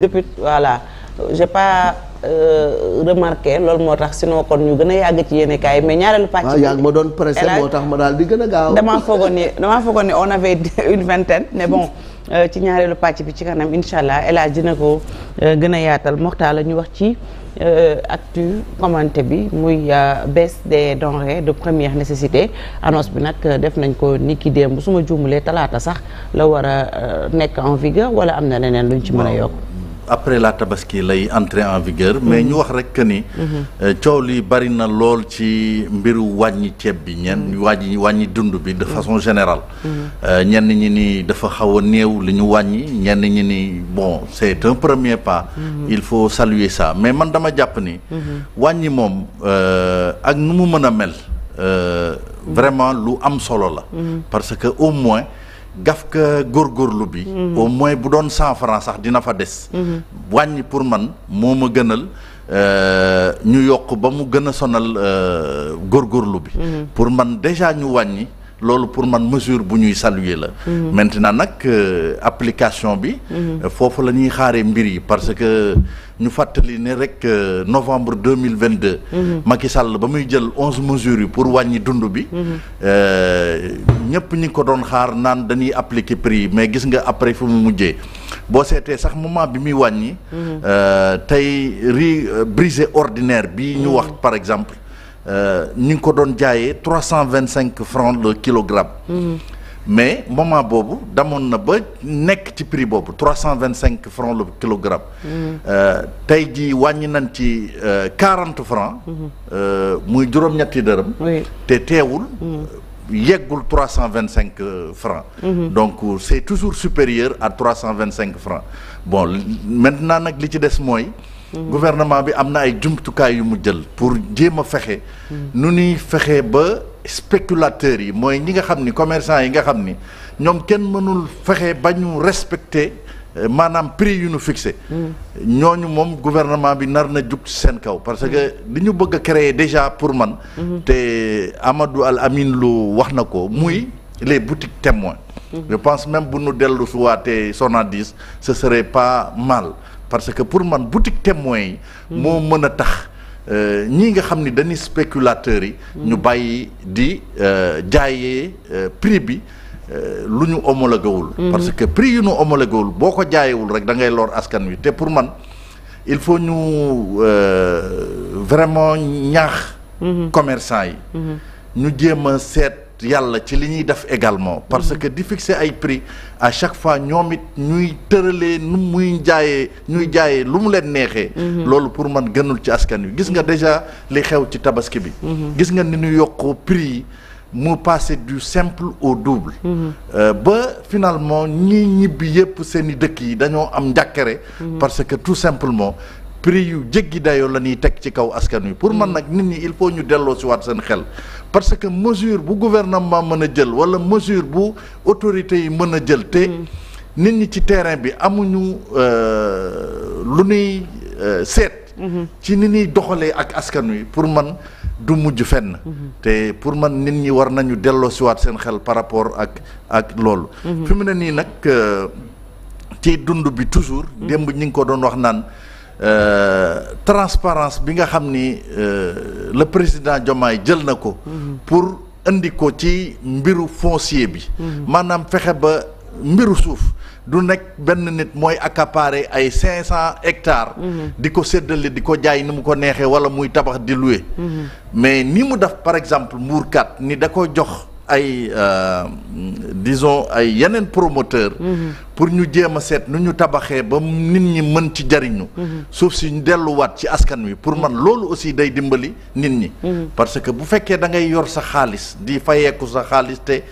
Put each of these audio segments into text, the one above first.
depuis voilà j'ai pas euh, remarqué loolu moo tax sinon kon ñu gën a yàgg ci yéen kaay mais ñaareelu pàcc. waaw ah, yaa ngi ma doon pressé moo tax ma daal di a gaaw. damaa foogoon ni damaa foogoon ni on avait une vingtaine mais bon euh, ci ñaareelu pàcc bi ci kanam incha allah El Hadj dina ko euh, gën a yaatal moxtaa la ñu wax ci euh, actu commenté bi muy baisse des denrées de première nécessité annonce bi nag def nañ ko ni ki démb suma ma juumulee talaata sax la war a nekk en vigueur wala am na leneen luñ ci mën a yokk. après la tabaski lay entrer en vigueur. mais ñu wax rek que ni. Euh, coow li bari na lool ci mbiru wàññi ceeb bi ñenn wàññi wàññi dund bi de façon général euh, ñenn ñi ni dafa xaw néew li ñu wàññi ñenn ñi ni bon c'est un premier pas. il faut saluer ça mais man dama jàpp ni. wàññi moom euh, ak nu mu mën a mel. vraiment lu am solo la. parce que au moins. gaf ka góorgóorlu bi mhm. au moins bu doon cent francs sax dina fa des mhm. wàññi pour man moo ma gënal euh, ñu yokk ba mu gën a sonal euh, góorgóorlu bi mhm. pour man déjà ñu wàññi loolu pour man mesure bu ñuy saluer la mhm. maintenant nag euh, application bi mhm. euh, foofu la ñuy xaaree mbir yi parce que ñu fàttali ne rek euh, novembre deux mille vingt deux mhm. Macky Sall ba muy jël onze mesures yi pour wàññi dund bi ñëpp ñi ko doon xaar naan dañuy appliquer prix yi mais gis nga après fu mu mujjee boo seetee sax moment bi muy wàññi tey riz brisé ordinaire bi ñu wax par exemple ñu euh, ngi ko doon jaayee trois cent vingt cinq francs le kilogramme. Mhm. mais moment boobu damoon na ba nekk ci prix boobu trois cent vingt cinq francs le kilogramme. Mhm. Euh, tey jii wàññi nañ ci euh, quarante francs. Mhm. muy juróom-ñetti dërëm. te teewul. yeggul trois cent vingt cinq francs. donc c'est toujours supérieur à trois cent vingt cinq francs bon maintenant nag li ci des mooy. gouvernement bi am na ay jumtukaay yu mu jël pour jéem a fexe nu ñuy fexe ba spéculateurs yi mooy ñi nga xam ni commerçant yi nga xam ni ñoom kenn mënul fexe ba ñu respecter euh, maanaam prix yu ñu fixé ñooñu moom gouvernement bi nar na jug seen kaw parce que li ñu bëgg créer déjà pour man te Amadou Al Amin lu wax na ko muy les boutiques témoins mm-hmm. je pense même bu nu dellu suwaatee Sonadis ce serait pas mal parce que pour man boutique témoin yi moo mën a tax euh, ñi nga xam ni dañuy spéculateurs yi ñu mm. bàyyi di euh, jaaye euh, prix bi lu ñu homologué mm-hmm. parce que prix yu ñu homologué boo ko jaayewul rek da ngay lor askan wi te pour man il faut ñu vraiment ñaax mm-hmm. commerçant yi mm-hmm. ñu jéem a seet yàlla ci li ñuy def également parce mm-hmm. que di fixer ay prix à chaque fois ñoom it ñuy tëralee muy jaayee ñuy jaayee lu mu leen neexee mm-hmm. loolu pour man gënul ci askan wi gis nga mm-hmm. déjà li xew ci tabaski bi gis nga ni ñu yokk prix yi mu passé du simple au double euh, ba finalement ñi ñibbi yépp seeni dëkk yi dañoo am njàkkare parce que tout simplement prix yu jéggi dayoo la ñuy teg ci kaw askan wi pour man nag nit ñi il faut ñu delloo si waat seen xel parce que mesure bu gouvernement mën a jël wala mesure bu autorité yi mën a jël te mm. nit ñi ci terrain bi amuñu euh, lu nuy euh, seet mm-hmm. ci ni ñuy doxalee ak askan wi pour man du mujj fenn mm-hmm. te pour man nit ñi war nañu delloo siwaat seen xel par rapport ak ak loolu mm-hmm. fi mu ne nii nag euh, ci dund bi toujours démb ñi ngi ko doon wax naan Euh, transparence bi nga xam ni euh, la président Diomaye jël na ko pour indi ko ci mbiru foncier bi maanaam fexe ba mbiru suuf du nekk benn nit mooy accaparer ay cinq cent hectares di ko séddale di ko jaay ni mu ko neexee wala muy tabax di louer mm-hmm. mais ni mu def par exemple mbuurkat ni da ko jox ay euh, dison ay yeneen promoteur mhm. pour ñu jéem a seet nu ñu tabaxee ba nit ñi mën ci jariñu mhm. suuf si ñu delluwaat ci askan wi pour man mhm. loolu aussi day dimbali nit ñi parce que bu fekkee da ngay yor sa xaalis di fayeeku sa xaalis te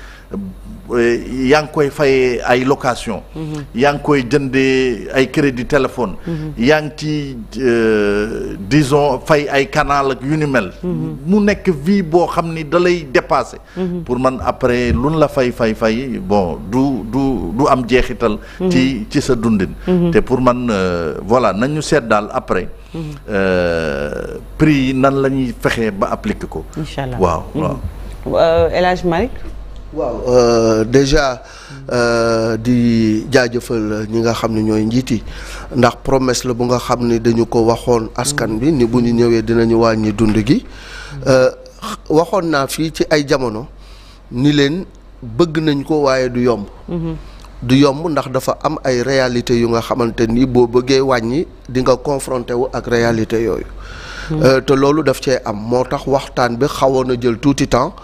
Eh, yaa ngi koy fay ay location mhm. yaa ngi koy jëndee ay crédit téléphone mhm. yaa nga ci euh, dison fay ay canal ak yu ni mel mhm. mu nekk vie boo xam ni da lay pour man après luñ la fay fay fay bon du du du am jeexital ci ci sa dundin te pour man euh, voilà nañu seet daal après euh, prix yi nan lañuy ñuy fexee ba appliquer ko incha allah waaw waaw El waaw euh, déjà euh, di jaajëfal ñi nga xam ne ñooy njiit yi ndax promesse la bu nga xam ne dañu ko waxoon askan bi ni bu ñu ñëwee dinañu wàññi dund gi euh, waxoon naa fii ci ay jamono ni leen bëgg nañ ko waaye du yomb mhm. du yomb ndax dafa am ay réalité yu nga xamante ni boo bëggee wàññi di nga confronté wu ak réalité yooyu mhm. te loolu daf cee am moo tax waxtaan bi xawoon a jël tuuti temps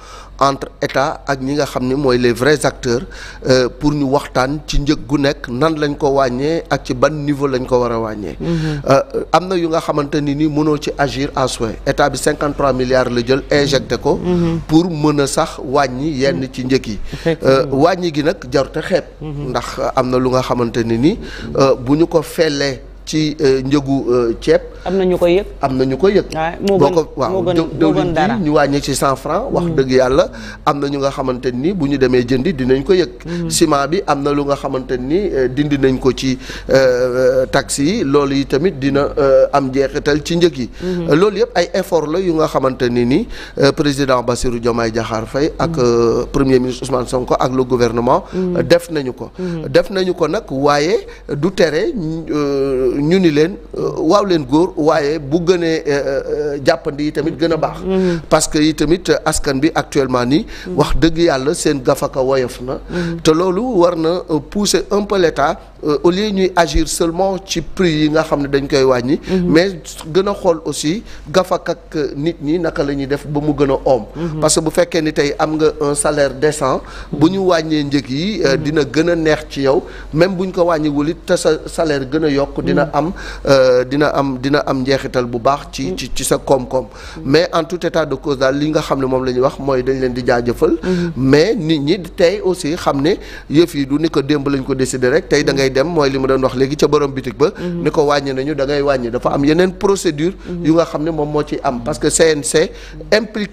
entre état ak ñi nga xam ni mooy les vrais acteurs euh, pour ñu waxtaan ci njëg gu nekk nan lañ ko wàññee ak ci ban niveau lañ ko war a wàññee. Mhm. Euh, am na yu nga xamante ni ni mënoo ci agir à souhait état bi 53 milliards la jël injecté ko. Mhm. pour mën a sax wàññi yenn ci njëg yi. Euh, wàññi gi nag jarute xeeb. Mhm. ndax am na lu nga xamante ni ni bu ñu ko fellee. ci euh, njëgu euh, ceeb. am na ñu koy yëg. am na ñu koy yëg. moo gën boo ko waaw diwlin ji ñu wàññi ci cent franc. wax mm. dëgg yàlla am na ñu nga xamante ni bu ñu demee jëndi dinañ ko yëg. Mm. ciment bi am na lu nga xamante ni euh, dindi nañ ko ci taxi yi loolu yi tamit dina am jeexital ci njëg yi. Mm-hmm. loolu yëpp ay effort la yu nga xamante ni ni président Bassirou Diomaye Diakhar Faye ak mm. premier ministre Ousmane Sonko ak le gouvernement. def nañu ko. Mm-hmm. def nañu ko nag waaye du tere. ñu ni leen euh, waaw leen góor waaye bu gënee euh, euh, jàppandi yi tamit gën a baax mm-hmm. parce que yi tamit askan bi actuellement nii mm-hmm. wax dëgg yàlla seen gafaka woyof na mm-hmm. te loolu war na pousser un Euh, au lieu ñuy agir seulement ci prix yi nga xam ne dañ koy wàññi. Mhm. mais gën a xool aussi gafak nit ñi naka la ñuy def ba mu gën a oom. Mhm. parce que bu fekkee ni tey am nga un salaire décent bu ñu wàññee njëg yi. Euh, mhm. dina gën a neex ci yow même bu ñu ko wàññiwul it te sa salaire gën a yokk. dina am euh, dina am dina am njeexital bu baax. ci ci sa koom-koom. mais en tout état de cause daal li nga xam ne moom la ñuy wax mooy dañ leen di jaajëfal. mais nit ñi tey aussi xam ne yëf yi du ni ko démb lañ ko décider rek tey da ngay dem mooy li mu doon wax léegi ca borom bitik ba mhm. ni ko wàññi nañu da wàññi dafa am yeneen procédure mhm. yu nga xam ne moom moo ci am parce que CNC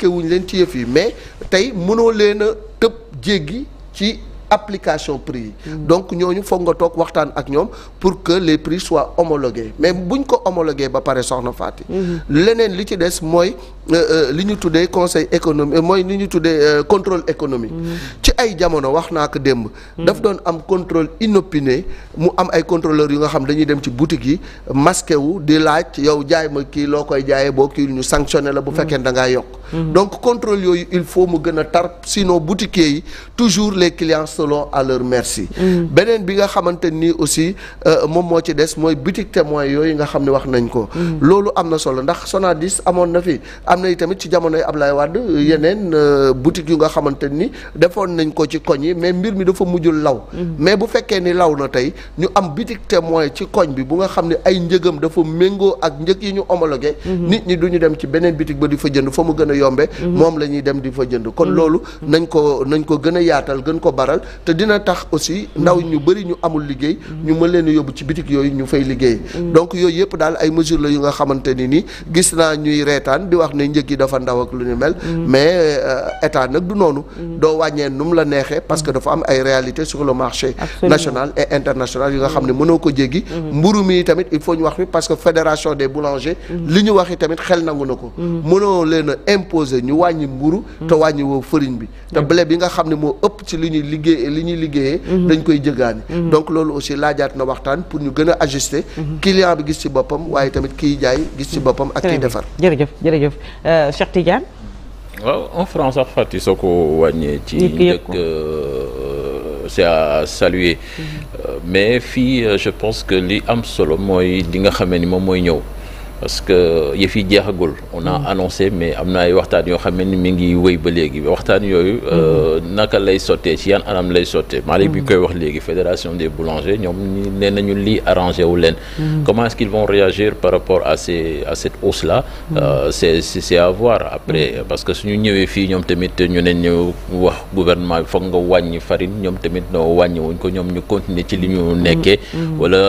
wu wuñ leen ci yëf yi mais tey mënoo leen a tëb jéggi ci application prix yi mhm. donc ñooñu foog nga toog waxtaan ak ñoom pour que les prix soient homologués mais buñ ko homologué ba pare soxna Faty leneen li ci des mooy Euh, euh, li ñu tuddee conseil économique euh, mooy li ñu tuddee contrôle économique mm. ci ay jamono wax naa ko démb mm. daf doon am contrôle inopiné mu am ay contrôleurs yu nga xam dañuy dem ci boutique yi masqué wu di laaj yow jaay ma kii loo koy jaayee boo kii ñu sanctionné la bu mm. fekkee da ngaa yokk donc contrôle yooyu il faut mu gën a tar sino boutiquiers yi toujours les clients selon à leur merci beneen bi nga xamante nii aussi moom moo ci des mooy boutique témoin yooyu nga xam ne wax nañ ko loolu am na solo ndax Sonadis amoon na fi am na tamit ci jamonoy Ablaye Wade euh, yeneen euh, boutique yu nga xamante ni defoon nañ ko ci koñ yi mais mbir mi dafa mujjul law. Mm-hmm. mais bu fekkee ni law na tey ñu am boutique témoin ñu homologué. Mm-hmm. nit ñi du ñu dem ci beneen boutique ba di fa jënd fa mu gën a yombe. Mm-hmm. moom la ñuy dem di fa jënd. kon loolu nañ ko nañ gën a yaatal gën ko baral te dina tax aussi ndaw ñu bëri ñu amul liggéey. ñu mën leen a yóbbu ci boutique yooyu ñu fay liggéey. donc yooyu yëpp daal ay mesures la yu nga xamante ni nii gis naa ñuy reetaan di wax ne njëg yi dafa ndaw ak lu ñu mel mm. mais euh, état nag du noonu mm. doo wàññee nu mu la neexee parce que dafa am ay réalité sur le marché national et international yi nga xam ne mm. mënoo ko jéggi mburu mi tamit il faut ñu wax mi parce que fédération des boulangers li ñu waxi tamit xel nangu na ko mënoo leen a ñu wàññi mburu te wàññi woo farine bi te blé bi nga xam ne moo ëpp ci li ñuy liggéeyee -hmm. dañ koy jëgaani -hmm. donc loolu aussi laajaat na waxtaan pour ñu a Euh, Cheikh en France sax Fatick soo ko wàññee. ci njëkk euh, c'est à saluer. Mhm. Euh, mais fii je pense que li am solo mooy li nga xamee ni moom mooy ñëw. parce que yëf yi jeexagul on a mm. annoncé mais am na ay waxtaan yoo xam ni mi ngi wéy ba léegi waxtaan yooyu euh, mm-hmm. naka lay sottee ci yan anam lay sottee maa léegi bi ñu mm-hmm. koy wax léegi fédération des boulangers ñoom ni nee nañu lii arrangé wu leen mm-hmm. comment est-ce qu'ils vont réagir par rapport à ces à la hausse là c'est c'est après parce que suñu ñëwee fii ñoom tamit ñu ne ñu wax gouvernement bi foog nga wàññi farine ñoom tamit noo wàññi wuñ ko ñoom ñu continuer ci li ñu nekkee wala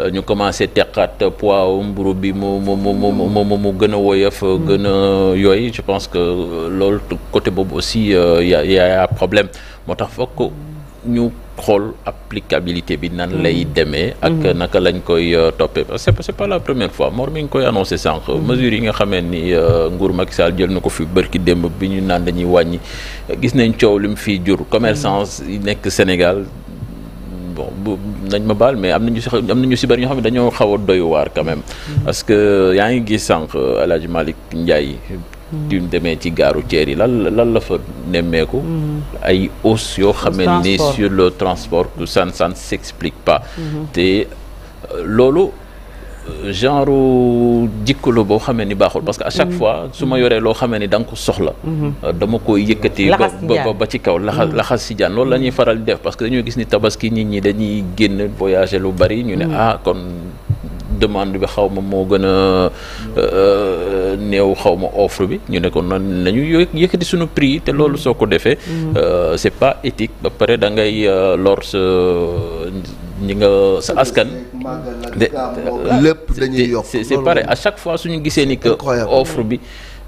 euh, ñu commencé teqaat poids mburu bi mu mu mu mu mu gën a woyof euh, gën a yooyu je pense que loolu côté boobu aussi euh, y a y problème moo tax fokk ñu xool applicabilité bi nan mm-hmm. lay demee ak mm-hmm. naka lañ koy euh, toppee parce que c'est pas la première fois Mor mi ngi koy annoncé sànq mm-hmm. mesures yi nga xamee ni nguur Macky Sall jël na ko fi bërki démb bi ñu naan dañuy wàññi gis nañ coow li mu fii jur commerçants yi nekk Sénégal bon bu nañ ma baal mais am nañu si si bëri ñoo xam ne dañoo xaw doy waar quand mm-hmm. parce que yaa ngi gis sànq El Hadj Malick njaay du mm-hmm. demee ci gaaru ceer yi lan lan la fa nemmeeku. Mm-hmm. ay hausse yoo xamee ni sur le transport que ça ça ne s'explique pas. te euh, loolu. genre jikko la boo xamee ni baaxul parce que à chaque mm-hmm. fois su ma yoree loo xamee ni da nga ko soxla mm-hmm. dama koy yëkkati ba ba ci kaw laxas mm-hmm. laxas si jaan loolu la ñuy faral def parce que dañoo gis ni tabaski nit ñi dañuy génn voyager lu bari ñu ne ah kon demande bi xaw ma moo gën a euh, euh, néew xaw ma offre bi ñu ne ko nan nañu yëkkati suñu prix te loolu soo ko defee euh, c'est pas éthique ba pare da ngay lor sa ñi sa askan lépp dañuy yokk c'est pareil à chaque fois suñu gisee ni que offre bi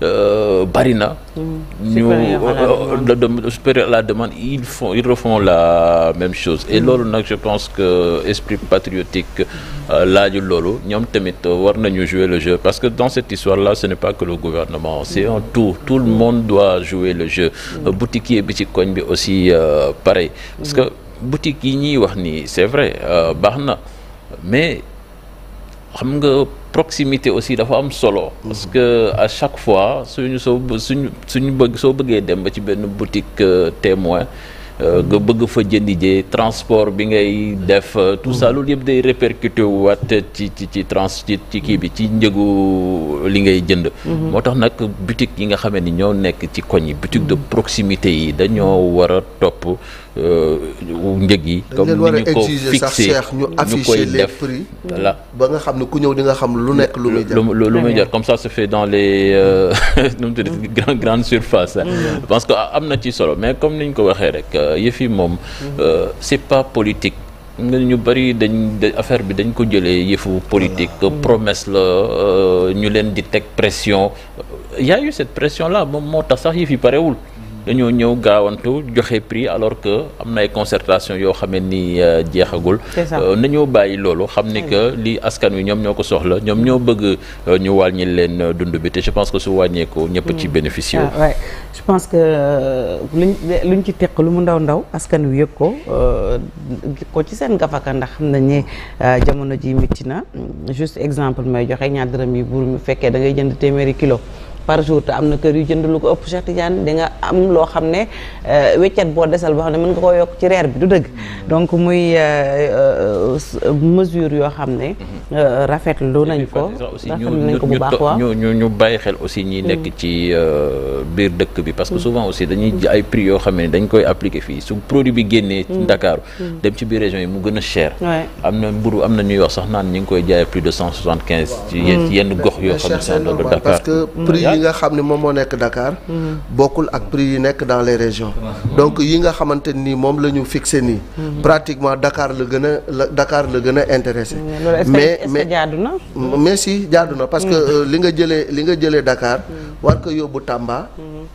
euh, bari na mm. ñu euh, supérieur la demande ils font ils refont la même chose et mm. loolu nag je pense que esprit patriotique euh, laaj loolu ñoom tamit war nañu jouer le jeu parce que dans cette histoire là ce n'est pas que le gouvernement c'est un tout tout le monde doit jouer le jeu mm. boutiquier bi ci koñ bi aussi pareil parce que boutique yi ñuy wax nii c'est vrai baax na mais xam nga proximité aussi dafa am solo. Mm-hmm. parce que à chaque fois suñu soo suñu suñu bëgg soo bëggee dem ba ci benn boutique euh, témoin euh, mm-hmm. nga bëgg fa jëndi jee transport bi ngay def. Euh, tout mm-hmm. ça loolu yëpp day répercuté waat ci ci ci trans ci kii bi ci njëgu li ngay jënd. moo tax nag boutique yi nga xamee ni ñoo nekk ci koñ yi. boutique de proximité yi dañoo war a topp. Euh, njëg yi. comme ni ñu ko fixé ñu koy ba nga xam ne ku ñëw di nga xam lu nekk lu muy jar. lu muy jar comme ça se fait dans les euh, nu mm. grande surface. parce mm. que am na ci solo mais comme ni ñu ko waxee rek euh, yëf yi moom. Mm. c'est pas politique. nga ñu bari dañ affaire bi dañ ko jëlee yëfu politique promesse la ñu leen di teg pression y a eu cette pression là moom moo tax sax yëf yi parewul dañoo ñëw gaawantu joxe prix alors que am na ay concertation yoo xam ne ni euh, jeexagul euh, nañoo bàyyi loolu xam ne que li askan wi ñoom ñoo ko soxla ñoom ñoo bëgg euh, ñu wàññi leen dund bi te je pense que su wàññeekoo ñëpp ci mm. bénéficier ah, je pense que luñ luñ ci teq lu mu ndaw ndaw askan wi yëg ko ko ci seen gafaka ndax xam nañ ne jamono ji métti na juste exemple may joxe ñaar dërëm yi buur mu fekkee da ngay jënd téeméeri kilo par jour te am na kër yu jënd lu ko ëpp Cheikh Tidiane di nga am loo xam ne euh, weccet boo desal boo xam ne mën nga koo yokk ci reer bi du dëgg donc muy euh, euh, mesure yoo xam ne mhm. rafetlu nañ ko rafetlu nañ ko bu baax waaw ñu ñu bàyyi xel aussi ñi nekk mm. ci biir dëkk bi parce que mm. souvent aussi dañuy ay prix yoo xam ne dañ koy appliquer fii su produit bi génnee ci mm. Ndakaaru dem ci biir région yi mu gën a cher am na mburu am na ñuy wax sax naan ñu ngi koy jaayee plus de cent soixante quinze ci yenn gox yoo xam yi nga xam ne moom moo nekk Dakar mm-hmm. bokkul ak prix yi nekk dans les régions donc yi nga xamante nii moom la ñu fixé nii mm-hmm. pratiquement Dakar la gën a la Dakar la gën a intéressé mm-hmm. mais mais jaadu na mais si euh, li nga jëlee li nga jëlee Dakar war ko yóbbu Tamba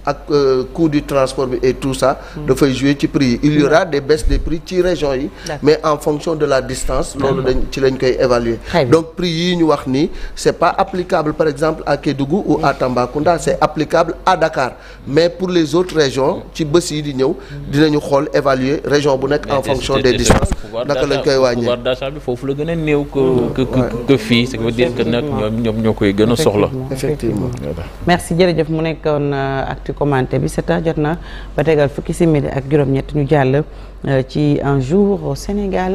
ak euh, coût du transport bi et tout ça. Hmm. dafay jouer ci prix yi il y aura hmm. des baisses prix ci région yi. mais en fonction de la distance. Hmm. loolu dañ ci lañ koy évaluer. donc prix yi ñu wax nii c'est pas applicable par exemple à Kédougou ou à Tambacounda c'est applicable à Dakar mais pour les autres régions ci bés yi di ñëw dinañu xool évaluer région bu nekk en fonction des distances naka lañ koy wàññee pouvoir d'achat foofu la gën a néew que fii ce qui veut dire que nag ñoom ñoom koy gën a soxla effectivement commenté bi sept heures jot na ba tegal fukki simili ak juróom-ñett ñu jàll euh, ci un jour Sénégal